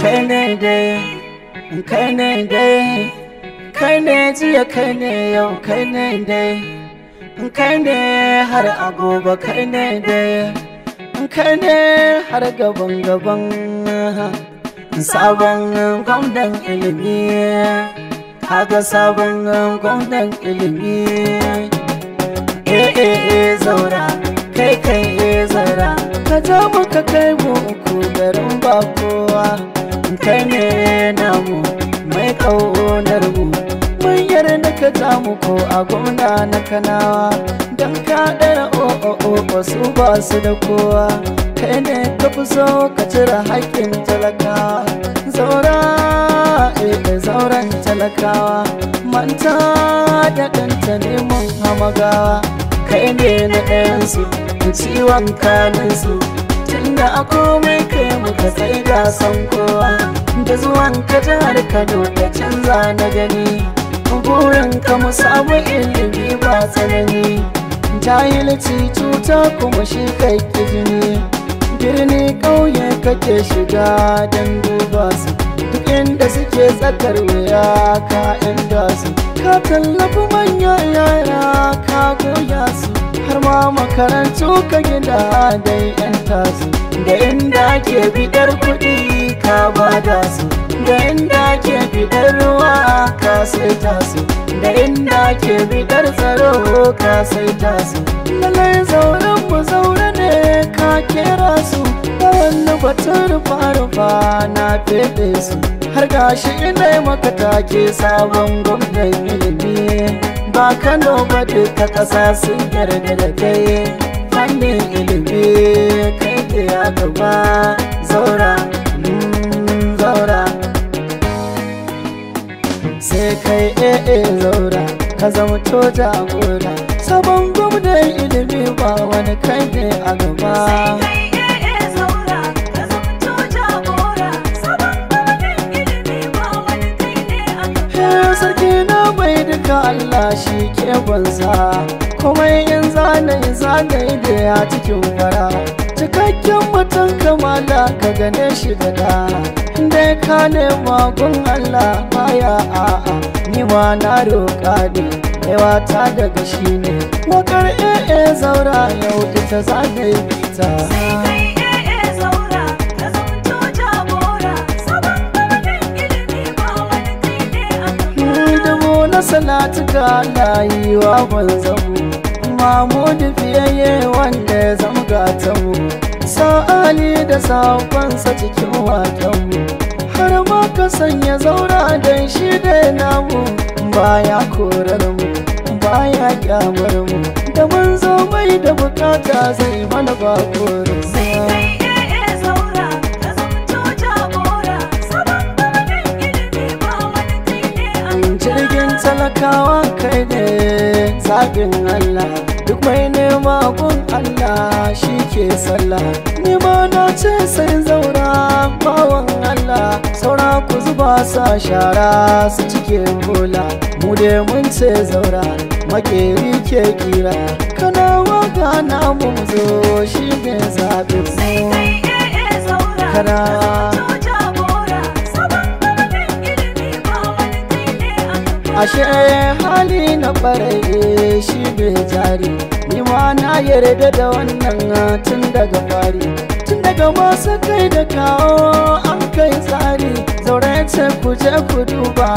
kai ne dai kai ne dai kai ne jiya kai ne yau kai ne dai kai ne har agoba kai ne dai kai ne har gaban gaban sabon gwamnan ilimi kaga sabon gwamnan ilimi kai e zaura kai kai e zara! ka ja ka kai muku ku garin ba kowa kai ne namu mai kaunar mu mun yarda ka ja mu ko a gwamna na kanawa dan ka ɗara o o o su ba su da kowa kai ne ka fi so ka cire haƙƙin talakawa zaura e eh, eh, zauren talakawa manta da ɗanta neman hamagawa kai ne na ɗayansu ciwon kaninsu tunda a komai kai muka sai ga son kowa da zuwan ka jihar Kano da canza na gani burin ka mu samu ilimi ba tsanani jahilci cuta kuma shi kai jini birni ƙauye kake shiga don duba su inda suke tsakar wuya ka inda su ka tallafi manya yara ka goya su har ma makarantu ka gida dai yan tasu da inda ake bidar kuɗi ka bada su da inda ake bidar ruwa ka saita su da inda ke bidar tsaro ka saita su lalai zauren mu zaure ne wata rufa-rufa na fede su har gashi ina maka take sabon gwamnan ilimi ba kano ba ta ƙasa sun yarda da kai fannin ilimi kai ke ya gaba zaura mm, zaura sai kai ee eh, eh, zaura ka zama to jagora sabon gwamnan ilimi ba wani kai ne a gaba da Allah shi ke banza kuma in zanayi zanayi da ya cikin fara cikakken mutum kamala ka gane shi da da dai ka nema gun Allah baya a ni ma na roƙa ne yawa ta daga shi ne wakar ee zaura yau ita zanayi bita salatuka na yi wa gwanzanmu mamudu fiye wanda ya mu. sa'ali da sakonsa cikin watanmu har ma ka sanya zaura don shi da namu baya korar mu baya kyamar mu da manzo mai da bukata zai mana bakorin nawa kai ne zaɓin Allah duk mai nema gun Allah shi ke sallah ni ma na ce sai zaura bawan Allah saura ku zuba sa shara su cike bola mu dai mun ce zaura makeri ke kira kana waga na mun zo shi ne zaɓin mu eh, eh, kana ashe hali na ɓarayi eh, shi bai jari ni ma na yarda da wannan ah, tun daga fari tun daga masu kai da kawo an kai tsari zaurace ku je ku duba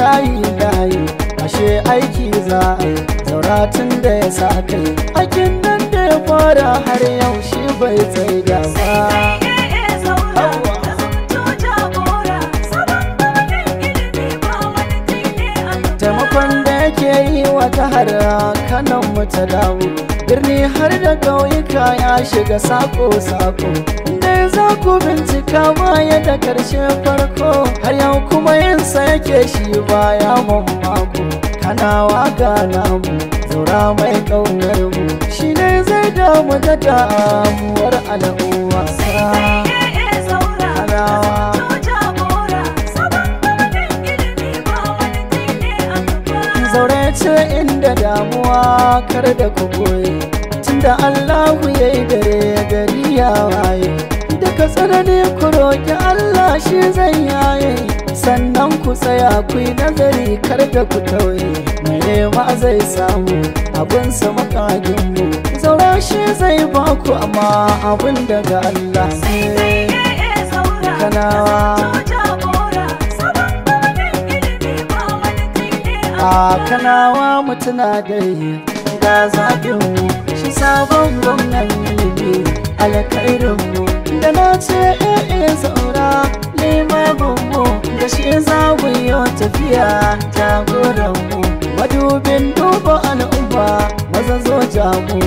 layi layi ashe aiki za a zaura tun da ya sa kai aikin nan da ya fara har yau shi bai tsaida ba jihar kanan mu ta dawo birni har da ƙauyuka ya shiga sako-sako dai za ku bincika baya da karshe farko har yau kuma yinsa yake shi baya mako kana waga namu zaura mai ƙaunar mu shi ne zai damu da damuwar al'umma sa ce inda damuwa kar da ku goye tunda Allahu ya yi dare gari ya waye daga tsanani ku roƙi Allah shi zai yaye sannan ku tsaya ku yi nazari kar da ku tauye mai ma zai samu abin sa mu zaura shi zai baku amma abin daga Allah sai kanawa kanawa mutuna dai ga zaɓin shi sabon gwamnan ne mu da na ce ee eh, eh, saura nema gungu da shi za mu ta tafiya jagoranmu madubin duba al'umma maza zo jamu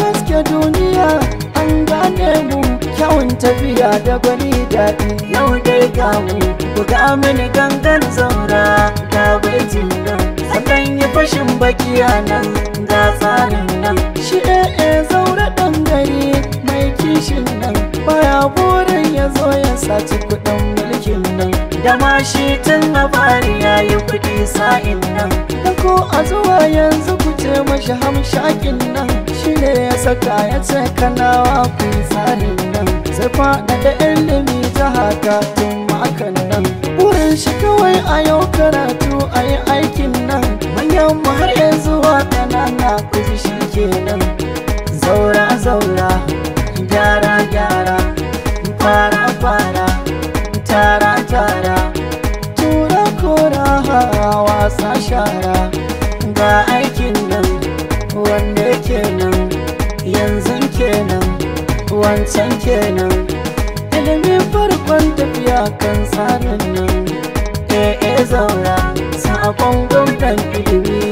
haske duniya an gane mu kawun tafiya da gwani daɗi yau dai mu ku ga mini gangan zaura ga nan sannan yi fashin baki a nan ga tsarin nan shi ɗaya zaura ɗan gari mai kishin nan baya burin ya zo ya saci kuɗin mulkin nan da ma shi tun labari ya yi kuɗi sa'in nan da ko a zuwa yanzu ku ce mashi hamshakin nan saka ya ce kanawa ku tsarin nan sai faɗaɗa ilimi ta haka tun makan nan wurin shi kawai a yau karatu a yi aikin nan manyan mu har yanzu wa ƙanana ku ji shi kenan zaura zaura gyara gyara fara fara tara tara tura kora wasa shara ga wancan kenan ilimin farkon tafiya kan tsarin nan eh eh zaura sakon gwamnan ilimi